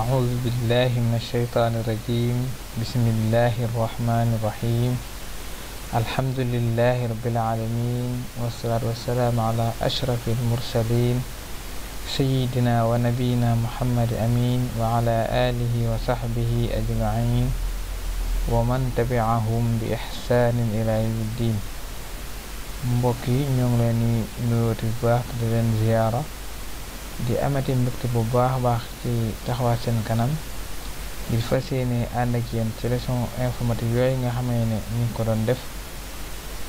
أعوذ بالله من الشيطان الرجيم بسم الله الرحمن الرحيم الحمد لله رب العالمين والصلاة والسلام على أشرف المرسلين سيدنا ونبينا محمد أمين وعلى آله وصحبه أجمعين ومن تبعهم بإحسان إلى يوم الدين mbokk yi ñoo ngi leen di nuyooti bu baax di leen ziyaara di amati mbégte bu baax a baax ci taxawaat seen kanam ngir fa yéene ànd ak yéen ci leçon informatique yooyu nga xamee ne ñu ngi ko doon def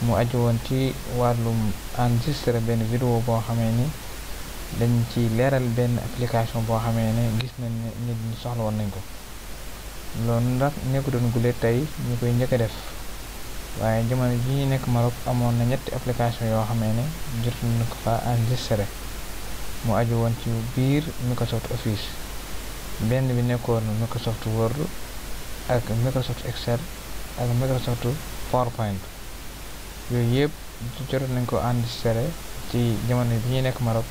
mu aju woon ci wàllum enregistré benn vidéo boo xamee ni dañ ci leeral benn application boo xamee ne gis nañ ne nit ñi soxla woon nañ ko loolu ndax nekku doon gule tey ñu koy njëkk def waaye jamono ji ñu nekk Maroc amoon na ñetti application yoo xamee ne jot na ko fa en enregistré mu aju woon ci biir Microsoft Office benn bi nekkoon Microsoft Word ak Microsoft Excel ak Microsoft PowerPoint yooyu yëpp jot nañ ko enregistré ci jamono bi ñuy nekk Maroc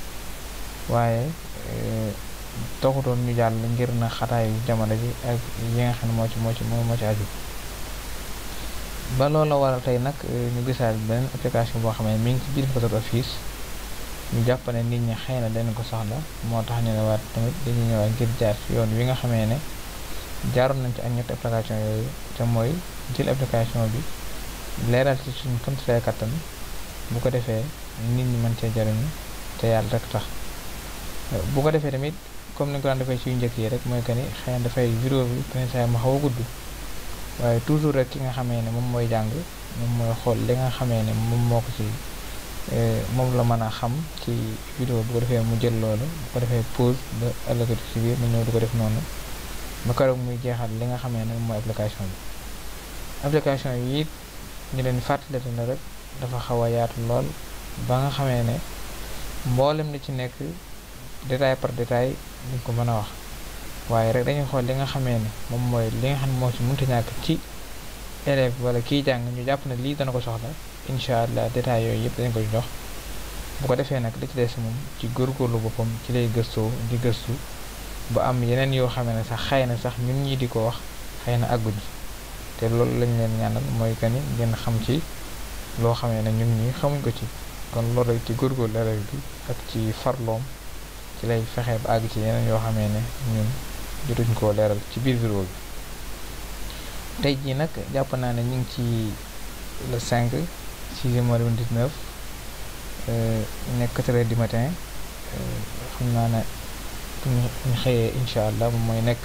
waaye eh, toxutoon ñu jàll ngir na xataayu jamono ji ak yi nga xam ne moo ci moo ci moo ci aju ba loolu la waral tey nag eh, ñu gisaat beneen application boo xam ne mi ngi ci biir Microsoft Office ñu jàpp nit ñi xëy na dañ ko soxla moo tax ñu newaat tamit dañuy ñëwaat ngir jaar ci yoon wi nga xamee ne jaaroon nañ ci ak ñett application yooyu te mooy jël application bi leeral ci suñ kamtulay kattan bu ko defee nit ñi mën cee jariñu te yàlla rek tax bu ko defee tamit comme ni ko daan defee ci yu njëkk yi rek mooy que ni xëy na dafay vidéo bi prinçay ma xaw a gudd waaye toujours rek ki nga xamee ne moom mooy jàng moom mooy xool li nga xamee ne moom moo ko ci Eh, moom la mën a xam ci vidéo bu ko defee mu jël loolu bu ko defee pause ba ëllëg ci mu ñëw di ko def noonu ba keroog muy jeexal li nga xamee nag mooy application bi application yi ñu leen fàttalati na rek dafa xaw a yaatu lool ba nga xamee ne mboolem li ci nekk détail par détail duñ ko mën a wax waaye rek dañuy xool li nga xamee ne moom mooy li nga xam ne moo ci mënta ñàkk ci élève wala kii jàng ñu jàpp ne lii dana ko soxla incha allah détails yooyu yëpp dañ ko jox bu ko defee nag li ci des moom ci góorgóorlu boppam ci lay gëstoo di gëstu ba am yeneen yoo xam ne sax xëy na sax ñun ñii di ko wax xëy na àgguñ te loolu lañ leen ñaanal mooy que ni ngeen xam ci loo xamee ne ñun ñi xamuñ ko ci kon loolu rek ci góorgóorlu élève bi ak ci farloom ci lay fexe ba àgg ci yeneen yoo xamee ne ñun jotuñ koo leeral ci biir vidéo bi tey jii nag jàpp naa ne ñu ngi ci le cinq ci arrondissement 19 nekk 4 heures du matin euh, xam naa ne bu ñu xëyee incha allah moom mooy nekk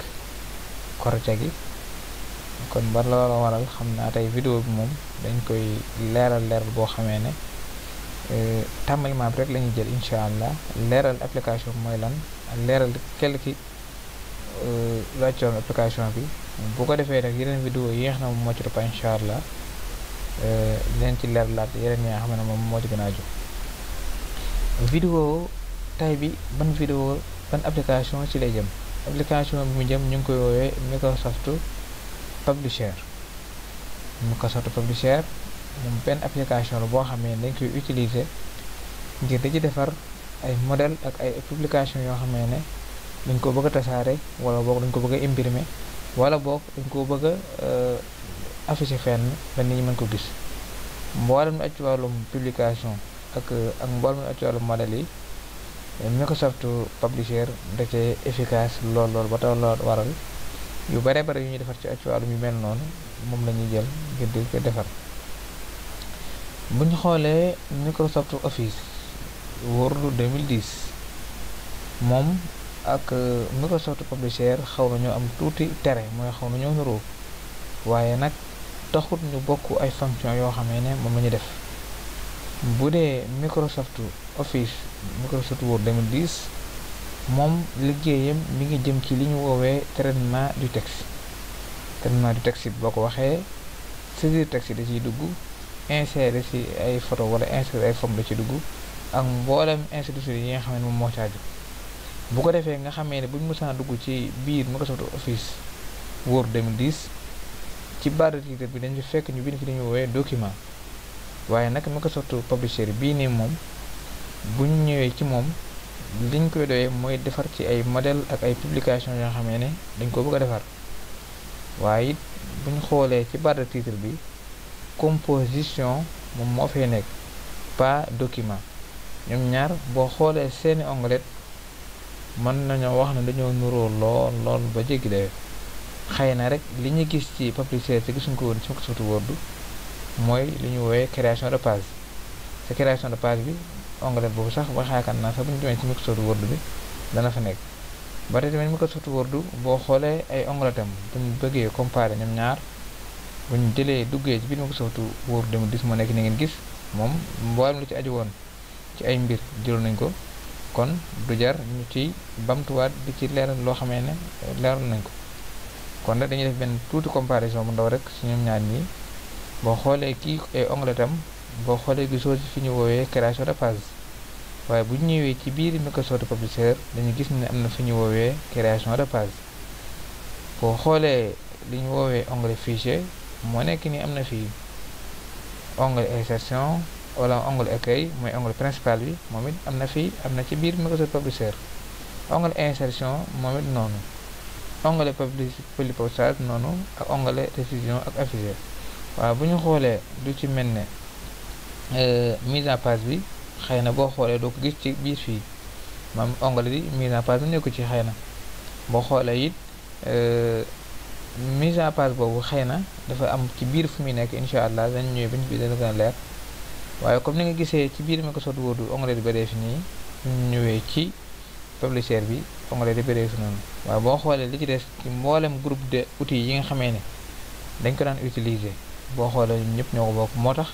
korce gi kon ba loola waral xam naa tey vidéo bi moom dañ koy leeral leeral boo xamee ne euh, tàmbali bi rek la jël incha allah leeral application mooy lan leeral kel ki euh, wàccoon application bi. boo ko defee rek yeneen vidéo yi nga xam ne moom moo ci topp incha allah leen euh, ci leer laat yeneen yi nga xam ne moom moo ci gën a jóg vidéo tay bi ban vidéo ban application ci lay jëm application bi mu jëm ñu ngi koy woowee Microsoft Publisher Microsoft Publisher moom benn application la boo xam ne dañ koy utiliser ngir di defar ay modèle ak ay publication yoo xam ne dañ ko bëgg a tasaare wala boog dañ ko bëgg a imprimer wala book dañ ko bëgg a euh, affiché fenn ba nit ñi mën ko gis mboolem lu aj ci wàllum publication ak ak mboolem lu aj ci wàllum modèle yi Microsoft Publisher da cee efficace lool lool ba taw lool waral yu bare bare yu ñuy defar ci aj ci yu mel noonu moom la ñuy jël ngir di ko defar bu ñu xoolee Microsoft Office Word 2010 moom ak Microsoft euh, Publisher xaw nañoo am tuuti tere mooy xaw nañoo nuroo waaye nag taxut ñu bokk ay fonction yoo xamee ne moom la ñu def bu dee Microsoft Office Microsoft Word 2010 moom liggéeyam mi ngi jëm ci li ñu woowee traitement du texte traitement du texte boo ko waxee saisir texte da ciy dugg insérer ci ay photo wala insérer ay forme da ciy dugg ak mbooleem institution yi nga xam ne moom moo caaju bu ko defee nga xamee ne buñ mësaan dugg ci biir Microsoft Office Word 2010 ci barre de bi dañ fi fekk ñu bind fi dañu woowee document waaye nag Microsoft Publisher bii nii moom buñ ñëwee ci moom liñ koy doyee mooy defar ci ay modèle ak ay publication nga xamee ne dañ ko bëgg a defar waaye it buñ xoolee ci barre de titre bi composition moom moo fee nekk pa document ñoom ñaar boo xoolee seeni onglet mën nañoo wax ne dañoo nuroo lool lool ba jéggi dayoo xëy na rek li ñu gis ci publicité te gisuñ ko woon ci Microsoft Word mooy li ñu woowee création de page te création de page bi onglet boobu sax ba xaakaan naa sax bu ñu demee ci Microsoft Word bi dana fa nekk ba tey tamit Microsoft Word boo xoolee ay onglet tam buñ bëggee comparé ñun ñaar ñu jëlee duggee ci biir Microsoft Word 2010 moo nekk ni ngeen gis moom mboolem lu ci aju woon ci ay mbir jëloon nañ ko kon du jar ñu ci bamtuwaat bi ci leeral loo xamee ne leeral nañ ko kon nag dañuy def benn tuuti comparaison bu ndaw rek si ñoom ñaar ñi boo xoolee kii ay boo xoolee gisoo ci fi ñu woowee création de page waaye bu ñëwee ci biir Microsoft Publisher dañu gis ne am na fi ñu woowee création de page boo xoolee li ñu woowee onglet fichier moo nekk ni am na fii onglet insertion wala onglet accueil mooy onglet principal bi moom it am na fii am na ci biir Microsoft Publisher onglet insertion moom it noonu onglet publipostage noonu ak onglet diffusion ak affichage waaw bu ñu xoolee du ci mel ne euh, mise en page bi xëy na boo xoolee doo ko gis ci biir fii maam onglet bi mise en page bi nekku ci xëy na boo xoolee it euh, mise en page boobu xëy na dafa am ci biir fu muy nekk incha allah dañ ñëw bañ bi dana gën a leer waaye comme ni nga gisee ci biir Microsoft Word onglet di PDF nii ñëwee ci publisher bi onglet di PDF noonu waaye boo xoolee li ci des ci mboolem groupe de outils yi nga xamee ne dañ ko daan utiliser boo xoolee ñëpp ñoo ko bokk moo tax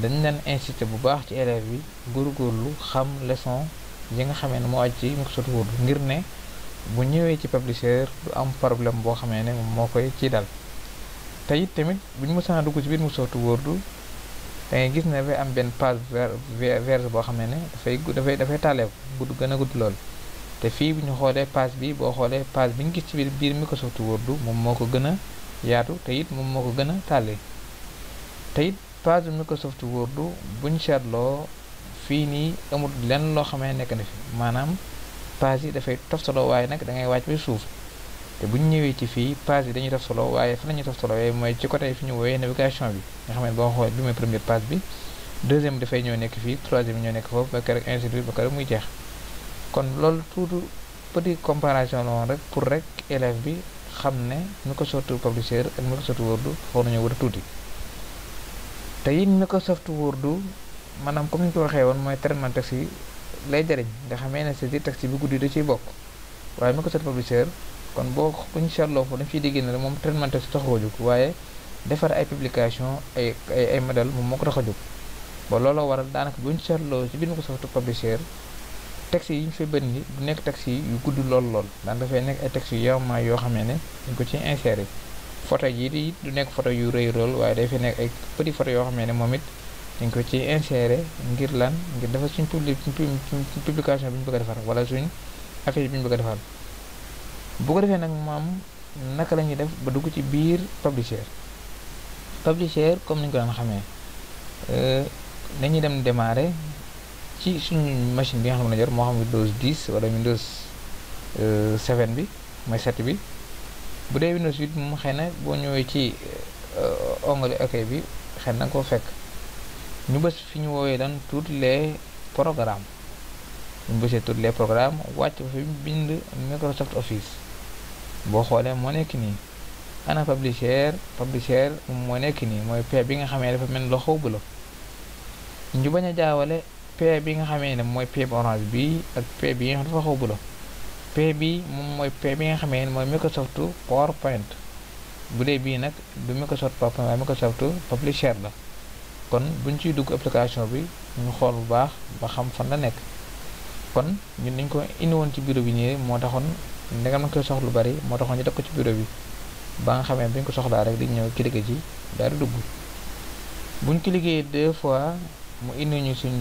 dañ leen incité bu baax ci élève bi góorgóorlu xam leçon yi nga xamee ne moo aj ci Microsoft Word ngir ne bu ñëwee ci publisher du am problème boo xamee ne moom moo koy ci dal te it tamit bu mësaan dugg ci biir Microsoft Word da gis ne dafay am benn page vierge boo xam ne ne dafay dafay dafay tàlleeku gudd gën a gudd lool te fii bu ñu xoolee page bi boo xoolee page bi ñu gis ci biir biir Microsoft Word moom moo ko gën a yaatu te it moom moo ko gën a tàllee te it page Microsoft Word bu ñu seetloo fii nii amut lenn loo xamee nekk ni fi maanaam page yi dafay toftaloo waaye nag da ngay wàcc suuf te buñ ñëwee ci fii page bi dañuy def solo waaye fan la ñuy def solo waaye mooy ci côté fi ñu woowee navigation bi nga xam ne boo xoolee bi mooy première page bi deuxième dafay ñëw nekk fii troisième ñoo nekk foofu ba keroog ainsi de suite ba keroog muy jeex kon loolu tuuti petit comparaison la woon rek pour rek élève bi xam ne Microsoft Publisher ak Microsoft Word xaw nañoo war a tuuti te it Microsoft Word maanaam comme ni ko waxee woon mooy traitement texte yi lay jëriñ nga xamee ne c'est-à-dire texte bi guddi da ciy bokk waaye Microsoft Publisher. kon boo buñ seetloo foofu dañ ciy déggee ne moom traitement texte taxu ko jóg waaye defar ay publication ay ay ay modèle moom moo ko tax a jóg ba looloo waral daanaka buñ seetloo ci biir Microsoft Publisher texte yi ñu fay bëri ni du nekk texte yi yu gudd lool lool daan dafay nekk ay texte yu yawmaa yoo xam ne dañ ko ci yi photo yi di du nekk photo yu rëy lool waaye day fay nekk ay petit photo yoo xam ne ne moom it dañ ko ci insérer ngir lan ngir defar suñ publi suñ publication bi ñu bëgg a defar wala suñ affaire bi ñu bëgg a defar bu ko defee nag maam naka la ñuy def ba dugg ci biir publisher publisher comme ni ñu ko daan xamee euh, dañuy dem démarrer ci suñu machine bi nga xam ne jor moo xam Windows 10 wala Windows 7 euh, bi mooy 7 bi bu dee Windows 8 moom xëy na boo ñëwee ci euh, onglet accueil bi xëy na koo fekk ñu bës fi ñu woowee lan tous les programmes ñu bësee tous les programmes wàcc fa fi bind Microsoft Office boo xoolee moo nekk nii ana publisher publisher moo nekk nii mooy p bi nga xamee dafa mel loxo bu la ñu bañ a jaawale p bi nga xamee ne mooy p bu orange bi ak p bi nga dafa xaw p bi moom mooy p bi nga xamee ne mooy Microsoft PowerPoint point dee bii nag du Microsoft PowerPoint waaye Microsoft publisher la kon buñ ciy dugg application bi ñu xool bu baax ba xam fan la nekk kon ñun dañ ko indi woon ci bureau bi ñëwee moo taxoon ndegam ma ngi koy soxla lu bari moo taxoon ñu def ko ci bureau bi ba nga xamee bu ko soxlaa rek di ñëw cliquer ci daal di dugg buñ cliquer deux fois mu indi ñu suñ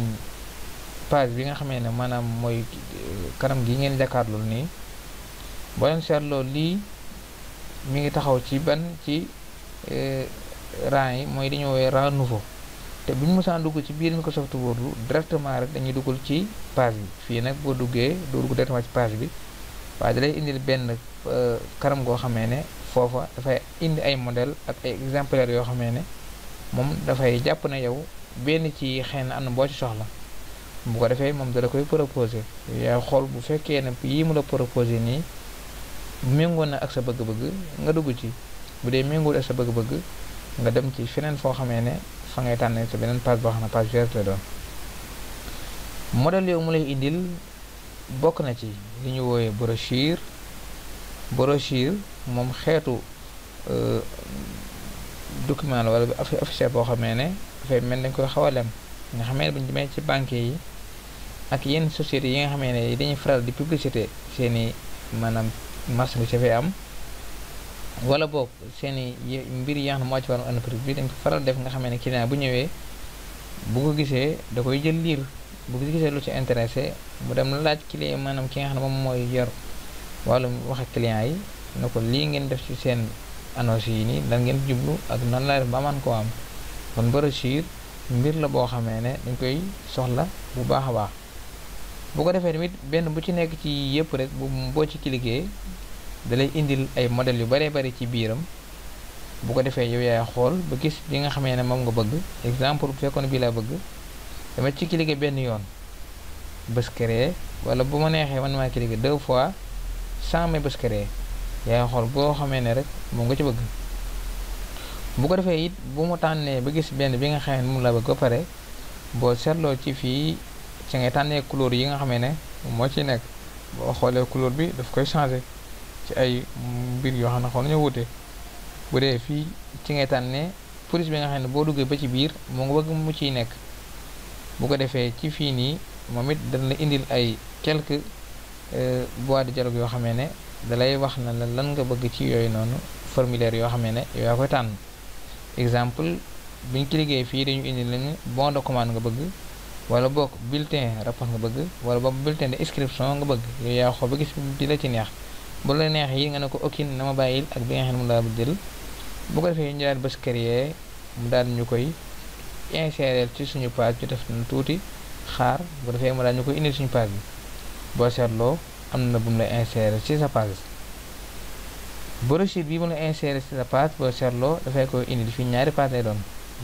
page bi nga xamee ne maanaam mooy euh, kanam gi ngeen jàkkaarloo nii boo seetloo lii mi ngi taxaw ci ban ci euh, rang yi mooy dañoo woowee rang nouveau te bu ñu mosaan dugg ci biir Microsoft Word directement rek dañuy duggul ci page bi fii nag boo duggee doo dugg directement ci page bi waaye da lay indil benn euh, kanam goo xamee ne foofa dafay indi ay modèle ak ay exemplaires yoo xamee ne moom dafay jàpp na yow benn ci xëy na am na boo ci soxla bu ko defee moom dala koy proposé yaa xool bu fekkee ne yii mu la proposé nii méngoo na ak sa bëgg-bëgg nga dugg ci bu dee méngool ak sa bëgg-bëgg nga dem ci feneen foo xamee ne fa ngay tànn sa beneen page boo xam ne page verte la doon modèle yow mu lay indil bokk na ci li ñu wooyee brochure brochure moom xeetu euh, document la wala bi officiel boo xamee ne dafay mel nañ koy xaw a lem nga xamee ne bu ñu demee ci banque yi ak yenn société yi nga xamee ne dañuy faral di publicité seeni maanaam marché bi dafay am wala boog seeni mbir yi nga xam ne moo ci wàllu entreprise bi dañ ko faral def nga xamee ne client bu ñëwee bu ko gisee da koy jël liir bu ko gisee lu ci intéressé mu dem laaj client maanaam ki nga xam ne moom mooy yor wàllum wax ak client yi na ko lii ngeen def ci seen annonce yi nii lan ngeen jublu ak nan laa def ba man koo am kon brochure mbir la boo xamee ne dañ koy soxla bu baax a baax bu ko defee tamit benn bu ci nekk ci yëpp rek bu boo ci cliquer da lay indil ay modèles yu baree bari ci biiram bu ko defee yow yaay xool ba gis li nga xamee ne moom nga bëgg exemple bu fekkoon bii laa bëgg dama ci cliquer benn yoon bës créer wala bu ma neexee man maa cliquer deux fois sans ma bës créer yaay xool boo xamee ne rek moom nga ci bëgg bu ko defee it bu mu tànnee ba gis benn bi nga xamee ne moom laa bëgg ba pare boo seetloo ci fii ci ngay tànnee couleur yi nga xamee ne moo ci nekk boo xoolee couleur bi daf koy changer ci ay mbir yoo xam ne xaw nañu wute bu dee fii ci ngay tànnee police bi nga xam ne boo duggee ba ci biir mu nga bëgg mu ciy nekk bu ko defee ci fii nii moom it dana la indil ay quelques euh, bois de dialogue yoo xamee ne dalay wax na la lan nga bëgg ci yooyu noonu formulaire yoo xamee ne yow yaa koy tànn exemple biñ cliquer fii dañu indi lañu bon de commande nga bëgg wala bokk bulletin rapport nga bëgg wala boobu bulletin de inscription nga bëgg yooyu yaa xoo ba gis bi la ci neex bu la neex yi nga ne ko okkin na ma bàyyil ak bi nga xam ne bu ko defee ñu daal bés yee mu daal ñu koy insérer ci suñu page bi def na tuuti xaar bu defee mu daal ñu koy indi suñu page bi boo seetloo am na bu mu la insérer ci sa page mu la insérer ci sa page boo seetloo dafay koy indi fi ñaari page lay doon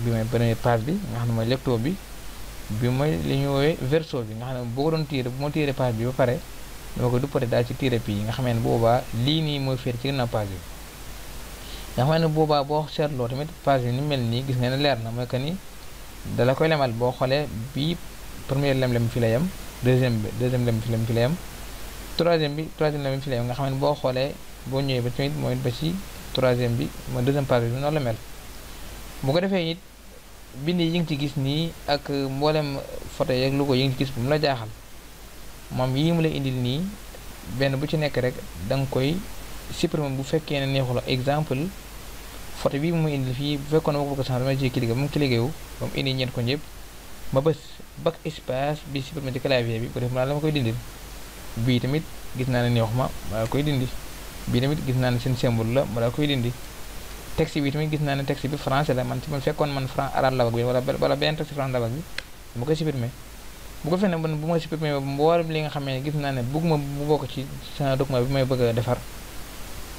bi mooy première page bi nga xam ne mooy lecto bi bi mooy li ñu woowee verso bi nga xam ne boo ko doon tiire bu ma tiire page bi ba pare dama ko duppate daal ci tiire yi nga xamee ne boobaa lii nii mooy féer ci gannaaw page nga xam ne boobaa boo seetloo tamit page bi ni mel nii gis nga ne leer na mooy que ni dala koy lemal boo xoolee bii première lem-lem fi la yem deuxième bi deuxième lem fi lem troisième bi troisième lem fi la nga xam ne boo xoolee boo ñëwee ba tamit mooy ba ci troisième bi mooy deuxième page bi noonu la mel bu ko defee it bind yi ngi ci gis nii ak mboolem photo yeeg lu ko yi nga ci gis bu mu la jaaxal moom yii mu la indil nii benn bu ci nekk rek da koy supprimer bu fekkee ne neexul exemple photo bii mu indi fii bu fekkoon ne ma ko bëgg a changer damay ciy ba mu bi supprimer bi bu la koy dindil bii tamit gis naa ne neexu ma ma koy dindi bii tamit gis naa ne seen symbole la ma koy dindi texte bi tamit gis naa ne texte bi français man ci man fekkoon man franc arabe la bi wala bu ko fene man bu ma supprimer ba li nga xam ne gis naa ne bëgg ma bu bokk may bëgg a defar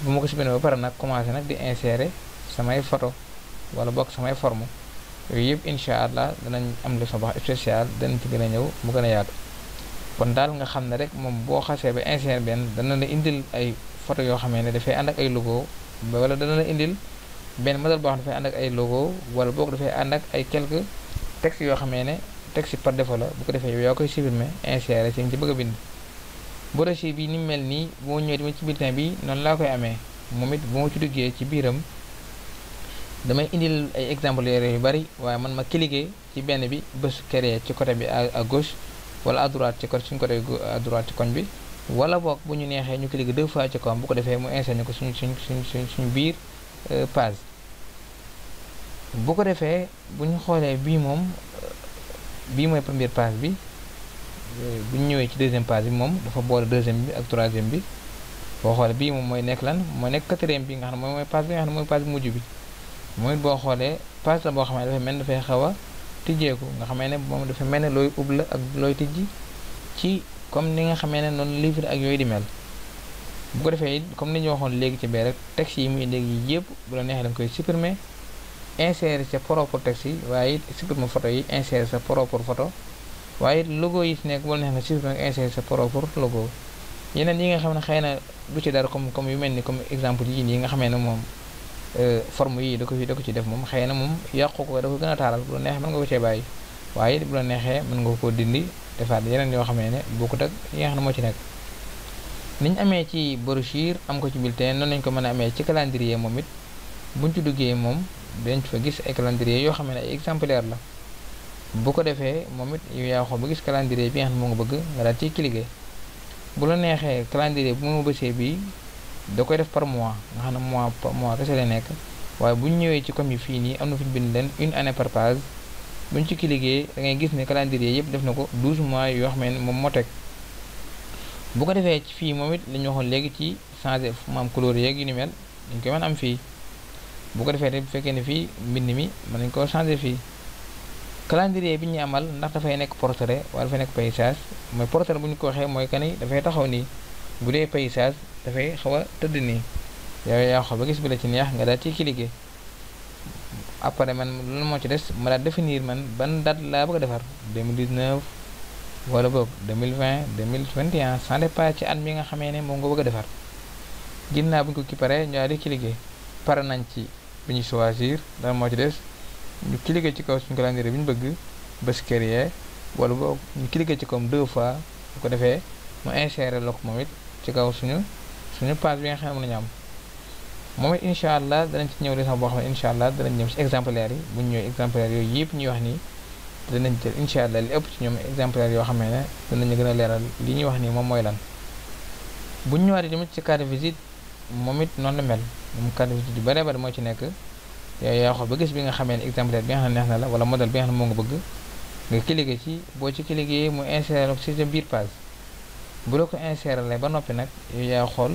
bu ma ko supprimer ba pare nag commencé nag di insérer samay photo wala bokk samay forme yooyu yëpp incha allah danañ am leçon ba spécial danañ ci gën a ñëw mu gën a yaatu kon daal nga xam ne rek moom boo xasee ba ingénieur benn dana la indil ay photo yoo xamee ne dafay ànd ak ay logo wala dana la indil benn modèle boo xam dafay ànd ak ay logo wala boog dafay ànd ak ay quelques textes yoo xamee ne texte par défaut la bu ko defee yow yaa koy supprimer insérer ci ci bëgg a bind brochette bi ni mu mel nii bu ma ñëwee ci bulletin bi noonu laa koy amee moom it bu ci duggee ci biiram damay indil ay exemple yore yu bari waaye man ma cliquer ci benn bi bés créer ci côté bi à gauche wala à droite ci côté suñu côté à droite ci koñ bi wala boog bu ñu neexee ñu cliquer deux fois ci kawam bu ko defee mu enseigné ko suñ suñ suñ suñ biir euh, page bu ko defee bu ñu xoolee bii moom euh, bii mooy première page bi euh, bu ñu ñëwee ci deuxième page bi moom dafa boole deuxième bi ak troisième bi boo xoolee bii moom mooy nekk lan mooy nekk quatrième bi nga xam ne mooy page bi nga mooy page bi bi. mooy boo xoolee page boo xam ne dafay mel na dafay xaw a tijjeeku nga xamee ne moom dafay mel ne looy ub la ak looy tijji ci comme ni nga xamee ne noonu livre ak yooyu di mel bu ko defee comme ni ñu waxoon léegi ci bee rek texte yi muy léegi yëpp bu la neexee da nga koy supprimer insérer sa propre texte waaye it supprimer photo yi insérer sa propre photo waaye it logo nekk bu la neexee nga supprimer nga insérer sa propre logo yeneen yi nga xam ne xëy na du ci dara comme comme yu mel ni comme exemple yi nii nga xamee ne moom. Euh, forme yii da ko ci da ko ci def moom xëy na moom yàqu ko da ko gën a taaral bu la neexee mën nga ko cee bàyyi waaye bu la neexee mën nga ko dindi defaat yeneen yoo xamee ne bokkut ak yi nga xam ne moo ci nekk niñ amee ci brochure am ko ci bulletin noonu lañ ko mën amee ci calendrier moom it buñ ci duggee moom dañ fa gis ay yoo xam ne ay exemplaire la bu ko defee moom it yow yaa ba gis calendrier bi nga xam ne moo nga bëgg nga daal ciy cliquer bu la neexee calendrier bu ma bësee bii da koy def par mois nga xam ne mois par mois kese lay nekk waaye bu ñu ñëwee ci comme yi fii nii am na fi bind leen une année par page bu ñu ci cliquer da ngay gis ne calendrier yëpp def na ko 12 mois yoo xam ne moom moo teg bu ko defee ci fii moom it la ñu waxoon léegi ci fu maam couleur yeeg yu ni mel dañ koy mën am fii bu ko defee te bu fekkee ne fii mbind mi mën nañ ko changer fii calendrier bi ñu amal ndax dafay nekk portrait wala dafay nekk paysage mooy portrait bu ñu ko waxee mooy que dafay taxaw nii. bu dee paysage dafay xaw a tëdd nii yow yaa xool ba gis bi la ci neex nga daal ci cliquer après man loolu moo ci des ma daal définir man ban date laa bëgg a defar 2019 wala boog 2020 2021 sans départ ci at mi nga xamee ne moom nga bëgg a defar ginnaaw bu ñu ko ki pare ñu daal di pare nañ ci bi ñu choisir lan moo ci des ñu cliquer ci kaw suñu calendrier bi ñu bëgg bés créer wala boog ñu cliquer ci comme deux fois bu ko defee mu insérer la moom it ci kaw suñu suñu page bi nga xam ne nañu am moom it incha allah ci ñëw li sax boo xam ne incha allah danañ ñëw ci exemplaire yi bu ñu ñëwee yooyu yëpp ñuy wax nii danañ jël incha li ëpp ci ñoom exemplaire yoo xam ne danañu gën a leeral li ñuy wax nii moom mooy lan. bu ñu ñëwaatee tamit ci carte visite moom it noonu la mel moom carte visite yu bëree moo ci nekk yow yaa xool ba gis bi nga xamee ne exemplaire bi nga xam ne neex na la wala modèle bi nga xam ne moo nga bëgg nga cliquer ci boo ci cliquer mu insérer ci sa biir page. bu la ko insérer ba noppi nag yow xool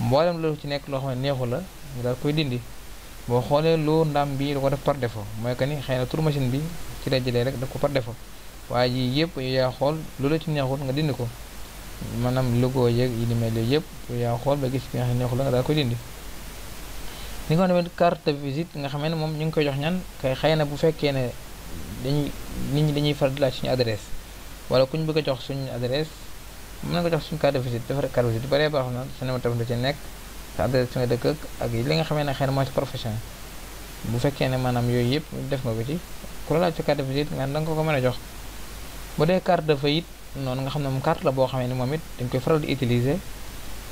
mboolem loolu ci nekk loo xam ne neexu la ñu daal koy dindi boo xoolee loo ndam bi da def par défaut mooy que ni xëy na tour machine bi ci la jëlee rek daf ko par défaut waaye yii yëpp yow yaa xool loolu ci neexul nga dindi ko maanaam logo yeeg yi ni mel yooyu yëpp yow yaa xool ba gis bi nga xam ne neexul la nga daal koy dindi. li nga xam ne carte de visite nga xam ne moom ñu ngi koy jox ñan kay xëy na bu fekkee ne dañuy nit ñi dañuy faral di laaj suñu adresse wala ku ñu bëgg jox suñu adresse. mën na ko jox suñu carte de visite defar carte de visite bëree baax na su ne ma nga dëkk ak li nga xamee ne xëy na moo ci bu fekkee ne maanaam yooyu yëpp def nga ko ci ku la laaj ci carte ko mën a jox bu dee carte de faillite noonu nga xam ne moom carte la boo xamee ni moom it dañ koy faral di utiliser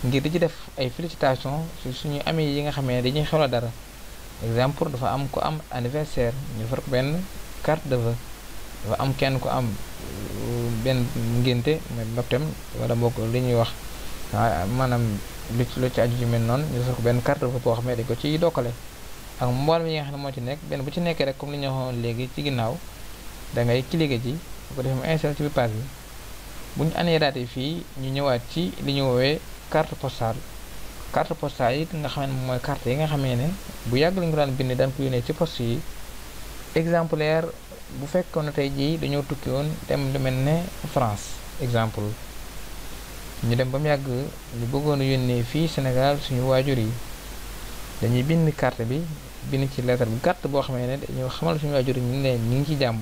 ngir di ci def ay félicitation su suñu amee yi nga xamee ne dañuy xewla dara exemple dafa am ko am anniversaire ñu far ko benn carte de vœux dafa am kenn ku am benn ngénte mooy baptême wala bokk li ñuy wax ah, maanaam lu ci lu ci aju ci mel noonu ñu defal ko benn carte boo xam ne dañ ko ci dokkale ak mboolem yi nga xam ne moo ci nekk benn bu ci nekkee rek comme li ñu waxoon léegi ci ginnaaw da ngay cliquer ci bu ko defee mu installé ci biir page bi bu ñu aneeraatee fii ñu ñëwaat ci li ñu woowee carte postale carte postale yi nga xam ne mooy carte yi nga xamee ne bu yàgg lañu ko daan bind daan ko yónnee ci poste yi exemplaire bu fekkoon ne tey jii dañoo tukki woon dem lu mel ne France exemple ñu dem ba mu yàgg ñu bëggoon a yónnee fii Sénégal suñu waajur yi dañuy bind carte bi bind ci lettre bu gàtt boo xamee ne dañoo xamal suñu waajur yi ñu ne ñu ngi ci jàmm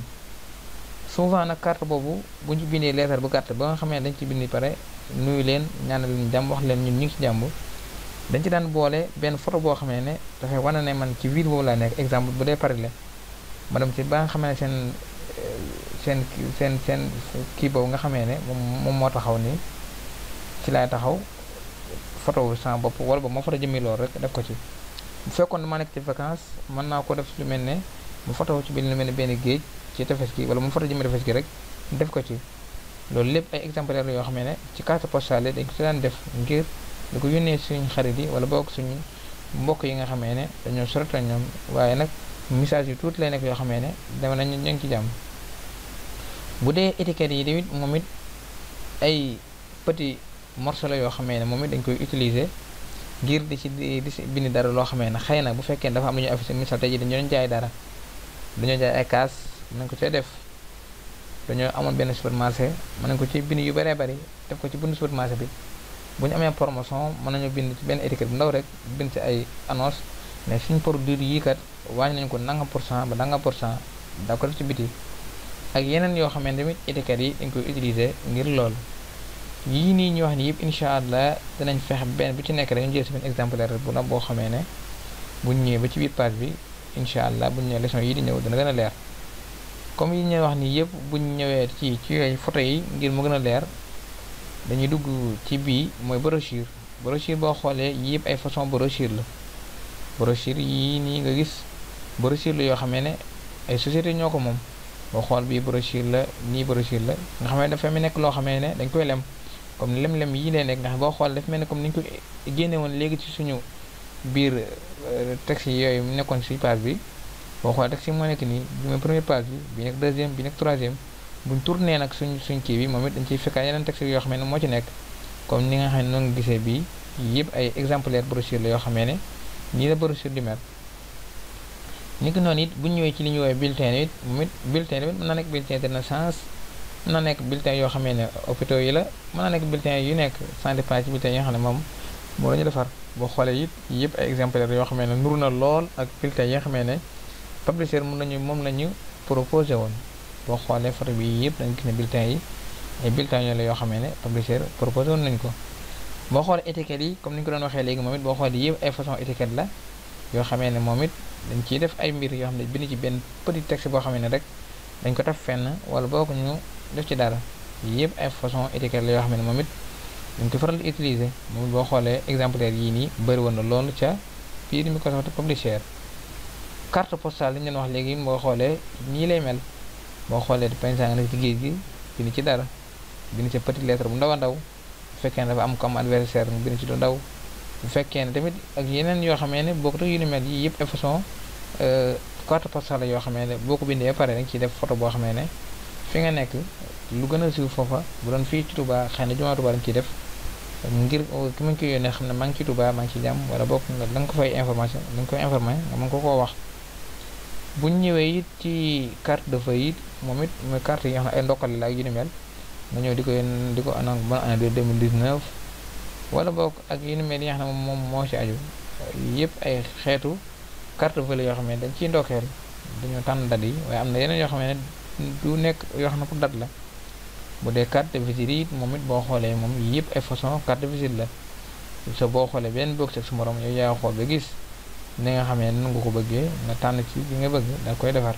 souvent nag carte boobu bu ñu bindee lettre bu gàtt ba nga xamee ne dañ ci bind pare nuyu leen ñaana leen jàmm wax leen ñun ñu ngi ci jàmb dañ ci daan boole benn photo boo xamee ne dafay wane ne man ci ville boobu laa nekk exemple bu dee Paris la ma dem ci baa nga xamee seen seen seen seen kii boobu nga xamee ne moom moom moo taxaw ni ci laay taxaw photo sans bopp wala ba moo photo jëmmi loolu rek def ko ci bu fekkoon dama nekk ci vacance mën naa ko def lu mel ne mu fotow ci bi lu mel ne benn géej ci tefes gi wala mu foto jëmmi tefes gi rek def ko ci loolu lépp ay exemplaires yoo xamee ne ci carte postale dañ ko ci daan def ngir di ko yónnee suñ xarit yi wala bokk suñu mbokk yi nga xamee ne dañoo sorata ñoom waaye nag message yu tuuti lay nekk yoo xamee ne dama nañ ñu ngi ci jàmm bu dee étiquette yi tamit moom it ay petit morceau la yoo xamee ne moom it dañ koy utiliser ngir di ci di ci bind dara loo xamee ne xëy na bu fekkee dafa am lu ñuy affiché misaal te jii dañoo doon jaay dara dañoo jaay ay kaas mën nañ ko cee def dañoo amoon benn supermarché mën nañ ko ci bind yu bëree bëri def ko ci buntu supermarché bi bu ñu amee promotion mën nañu bind ci benn étiquette bu ndaw rek bind ci ay annonce mais suñ produit yii kat wàññi nañ ko nanga pour cent ba nanga pour cent da ko def ci biti ak yeneen yoo xam ne tamit étiquette yi dañ koy utiliser ngir loolu yii nii ñuy wax ni yëpp incha allah danañ fexe benn bu ci nekk rek ñu jël si benn exemplaire bu nag boo xamee ne buñ ñëwee ba ci biir page bi incha allah buñ ñëwee leçon yii di ñëw dana gën a leer comme yi ñu wax nii yëpp buñ ñëwee ci ci yooyu foto yi ngir mu gën a leer dañuy dugg ci bii mooy brochure brochure boo xoolee yii yëpp ay façon brochure la brochure yii nii nga gis brochure la yoo xamee ne ay société ñoo ko moom boo xool bii brochure la nii brochure la nga xam ne dafa mu nekk loo xamee ne dañ koy lem comme lem-lem yii nee nekk ndax boo xool dafa mel ne comme ni ñu ko génne woon léegi ci suñu biir euh, texte yooyu nekkoon ci page bi boo xool texte yi moo nekk nii bi mooy première page bi bi nekk deuxième bi nekk troisième buñ tourné nag suñ suñ kii bi moom it dañ ciy fekkaat yeneen texte yoo xamee ne moo ci nekk comme ni nga xam ne noonu gisee bii yëpp ay exemplaire brochure la yoo xamee ne di reparu sur l'image ni ki noonu it bu ñëwee ci li ñu woowee bulletin it it bulletin it mën na nekk bulletin de naissance mën na nekk bulletin yoo xamee ne hôpitaux yi la mën na nekk bulletin yu nekk sans dépend ci bulletin yoo xam ne moom moo la boo xoolee it yëpp ay yoo xamee ne nuru na lool ak bulletin yi nga xamee ne publisher mën nañu moom la ñu proposé woon boo xoolee photo bi yëpp dañ gis ne bulletin yi ay bulletin yoo la yoo xamee ne publisher proposé woon nañ ko boo xoolee étiquette yi comme ni ñu ko doon waxee léegi moom it boo xool yëpp ay façon étiquette la yoo xamee ne moom it dañ ciy def ay mbir yoo xam ne bind ci benn petit boo xamee ne rek dañ ko taf fenn wala boo ko ñu def ci dara yëpp ay façon étiquette la yoo xam ne moom it dañ ko faral di utiliser moom it boo xoolee exemplaire yii nii bëri woon na loolu ca biir Microsoft Publisher carte postale li ñu leen wax léegi boo xoolee nii lay mel boo xoolee di pensa ci géej gi bind ci dara bind ci petite lettre bu ndaw ndaw bu fekkee ne dafa am comme adversaire mu bind ci lu ndaw bu fekkee ne tamit ak yeneen yoo xamee ne boo ko yu ni mel yii yëpp façon euh, carte postale la yoo xamee ne boo ko bindee pare rek ci def photo boo xamee ne fi nga nekk lu gën a siiw foofa bu doon fii ci Touba xëy na jumaa Touba lañ ciy def ngir ki ma ñu koy yónnee xam ne maa ngi ci tubaa maa ngi ci jàmm wala bokk nga da ko fay information da nga koy informé nga mën ko ko wax. bu ñu ñëwee it ci carte de feuille moom it mooy carte yi nga xam ay ndokkale la ak yu mel. nga ñëw di ko di ko annonce ban année 2019 wala boog ak yenn ak yi nga xam ne moom moo ci aju yëpp ay xeetu carte bleue yoo xam ne dañ ciy ndokkeel dañoo tànn dat yi waaye am na yeneen yoo xam ne du nekk yoo xam ne pour dat la bu dee carte de visite yi moom it boo xoolee moom yëpp ay façon carte de visite la sa boo xoolee benn boog su moroom yow yaa xool ba gis ni nga xam ne nan nga ko bëggee nga tànn ci bi nga bëgg da koy defar.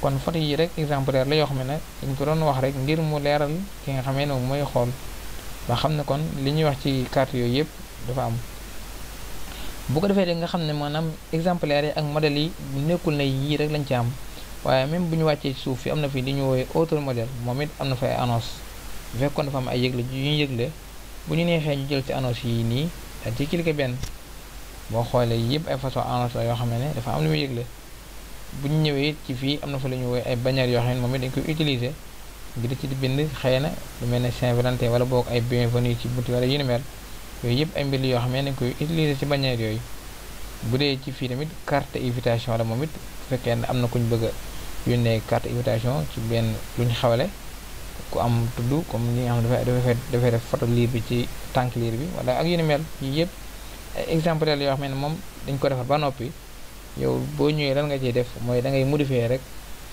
kon photo yii rek exemplaire la yoo xam ne nag dañ ko doon wax rek ngir mu leeral ki nga xamee ne mooy xool ba xam ne kon li ñuy wax ci carte yooyu yëpp dafa am bu ko defee rek nga xam ne maanaam exemplaire yi ak modèle yi nekkul na yii rek lañ ci am waaye même bu ñu wàccee suuf fi am na fi li ñu woowee autre modèle moom it am na fa ay annonce bu fekkoon dafa am ay yëgle yu ñu yëgle bu ñu neexee ñu jël ci annonce yi nii daal ci cliquer benn boo xoolee yëpp ay façon annonce yoo xam ne dafa am lu muy yëgle bu ñu ñëwee ci fii am na fa lu ñu woy ay bannières yoo xam ne moom it dañ koy utiliser ngir ci di bind xëy na lu mel ne Saint-Valentin wala boo ay bienvenue ci buti wala yu ni yooyu yëpp ay mbir yoo xam ne dañ koy utiliser ci bannières yooyu bu dee ci fii tamit carte invitation la moom it fekkee ne am na ku ñu bëgg yónnee carte invitation ci benn lu ñu xawale ku am tudd comme nii nga xam dafay dafay dafay def liir bi ci tànk liir bi wala ak yu ni mel yii yëpp ay exemple yoo xam ne moom dañ ko defar ba noppi. yow boo ñëwee lan nga ciy def mooy da ngay modifier rek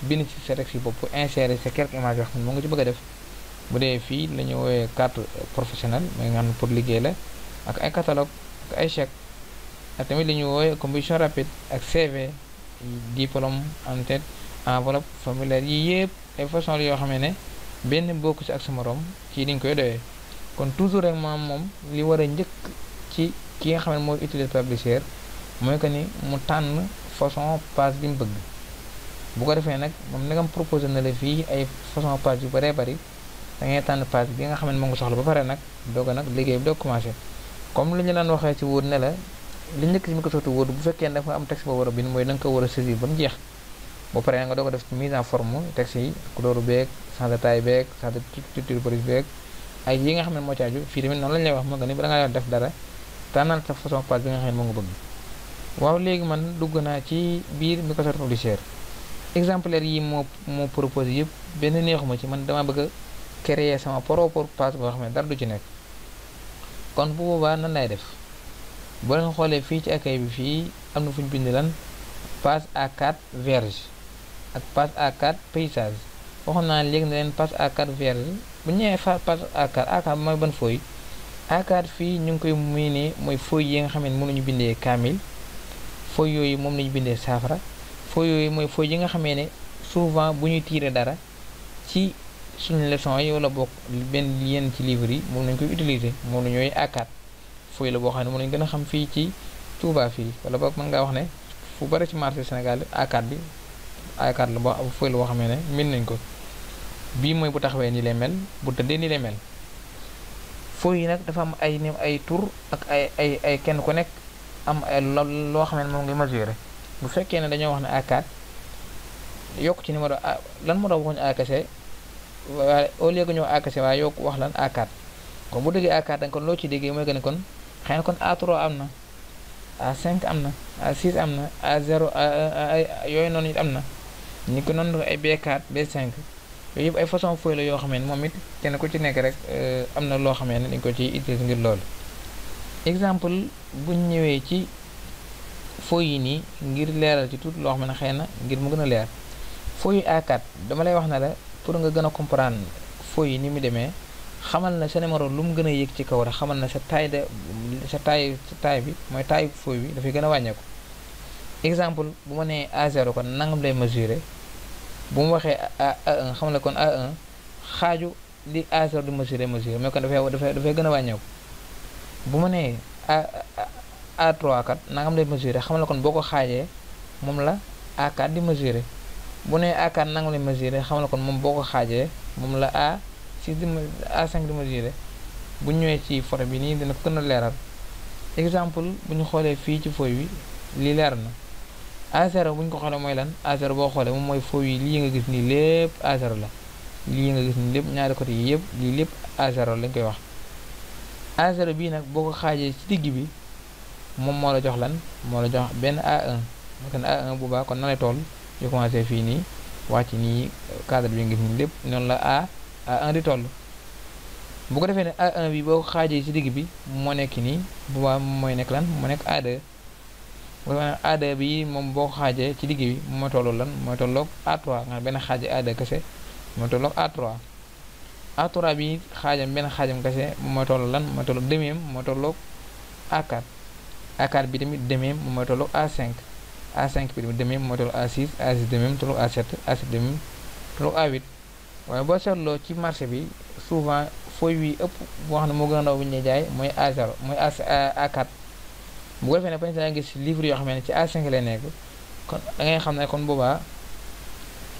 bind ci sa rek si bopp insérer sa quelques images yoo xam ne moo nga ci bëgga a def bu dee fii la ñu woowee carte professionnelle mooy nga xam ne pour liggéey la ak ay catalogue ak ay chèque ak tamit li ñu woowee combustion rapide ak CV diplôme en tête enveloppe formulaire yii yëpp ay façon yoo xam ne benn bokk ci ak sa morom ci liñ koy doyee kon toujours rek maam moom li war a njëkk ci ki nga xam ne mooy utiliser publicitaire mooy que ni mu tànn façon passe bi mu bëgg bu ko defee nag moom nagam proposé na fii ay façon passe yu bëree bëri bi nga xam ne moo ngi soxla ba pare nag doog nag liggéey bi doog comme li ñu daan waxee ci Word ne la li njëkk ci Microsoft Word bu fekkee ne am texte boo war a bind mooy da nga ko war a saisir ba mu jeex ba pare nga a def mise en nga xam ne moo ci aju fii tamit noonu lañ lay wax moo nga ni bala ngaa def dara tànnal sa façon passe bi nga xam ne moo nga bëgg waaw léegi man dugg naa ci biir Microsoft Publisher exemplaire yi moo moo proposé yëpp benn neexuma ci man dama bëgg a créer sama propre page boo xam ne dara du ci nekk kon bu boobaa nan lay def boo leen xoolee fii ci accueil bi fii am na fu ñu bind lan page à 4 vierge ak page A4 paysage waxoon naa léegi ne leen page A4 vierge bu ñëwee fa page A4 A4 mooy ban fooy a fii ñu ngi koy muy ne mooy fooy yi nga xam ne mënuñu bindee kaamil fooy yooyu moom lañu bindee saafara fooy yooyu mooy fooy yi nga xamee ne souvent bu ñu tiiree dara ci suñu leçon yi wala bokk benn yenn ci livre yi moom lañ koy utiliser moom la ñooy àkkaat fooy la boo xam ne moom lañ gën a xam fii ci Touba fii wala boog mën ngaa wax ne fu bari ci marché Sénégal àkkaat bi àkkaat la boo fooy la boo xamee ne mën nañ ko bii mooy bu taxawee ni lay mel bu tëddee ni lay mel fooy yi nag dafa am ay ay tur ak ay ay ay kenn ku nekk. am ay eh, loo xam ne moom ngay mesurer bu fekkee ne dañoo wax ne a yokk ci numéro A lan moo tax waxuñu A kese waaye au lieu que ñëw A yokk wax lan A4 kon bu dëggee A4 kon loo ci déggee mooy que ne kon xëy na kon a am na A5 am na A6 am na a yooyu noonu it am na ñu ko noonu ay B4 b yooyu yëpp ay façon fooy la yoo xam ne moom it kenn ku ci nekk rek eh, am na loo xam ne dañ ko ciy utiliser ngir loolu. exemple buñ ñëwee ci foo yi nii ngir leeral ci tuut loo xam ne xëy na ngir mu gën a leer foo yu a dama lay wax ne la pour nga gën a comprendre foo yi ni mu demee xamal na sa numéro lu mu gën a yéeg ci kaw rek xamal na sa taille de bi mooy taille fooy bi dafay gën a wàññeeku exemple bu ma nee kon nangam lay mesurer bu mu waxee a xam la kon A1 xaaju li A0 di mesurer mesurer mais kon dafay dafay gën a wàññeeku. bu ma nee a a trois kat nangam lay mesurer xam la kon boo ko xaajee moom la A4 di mesurer bu nee A4 nangam lay mesurer xam la kon moom boo ko xaajee moom la A6 di A5 di mesurer bu ñëwee ci photo bi nii dina ko gën a leeral exemple bu ñu xoolee fii ci feuille wi lii leer na A0 bu ñu ko xoolee mooy lan A0 boo xoolee moom mooy feuille yi lii nga gis nii lépp A0 la lii nga gis nii lépp ñaari côté yi yëpp lii lépp A0 lañ koy wax. A0 bii nag boo ko xaajee ci digg bi moom moo la jox lan moo la jox benn A1 kon A1 bu baax kon na tool toll ñu fii nii wax ci nii cadre bi ngi lépp noonu la A A1 di toll bu ko defee ne A1 bi boo ko xaajee ci digg bi moo nekk nii bu mooy nekk lan moo nekk A2 bi moom boo xaajee ci digg bi mooy tollu lan mooy tolloog A3 nga benn xaaje A2 kese mooy tolloog A3. A3 bi xaajam benn xaajam kese mooy tolloog lan mooy tolloog demi-am mooy A4 A4 bi tamit demi-am mooy tolloog A5 A5 bi tamit demi-am mooy tolloog A6 A6 demi-am A7 waaye boo seetloo ci marché bi souvent fooy wii ëpp boo xam ne moo gën a ndaw bu ñu jaay mooy A0 mooy A4 bu ko defee nag bañ yoo xam ne ci A5 lay nekk kon da xam ne kon boobaa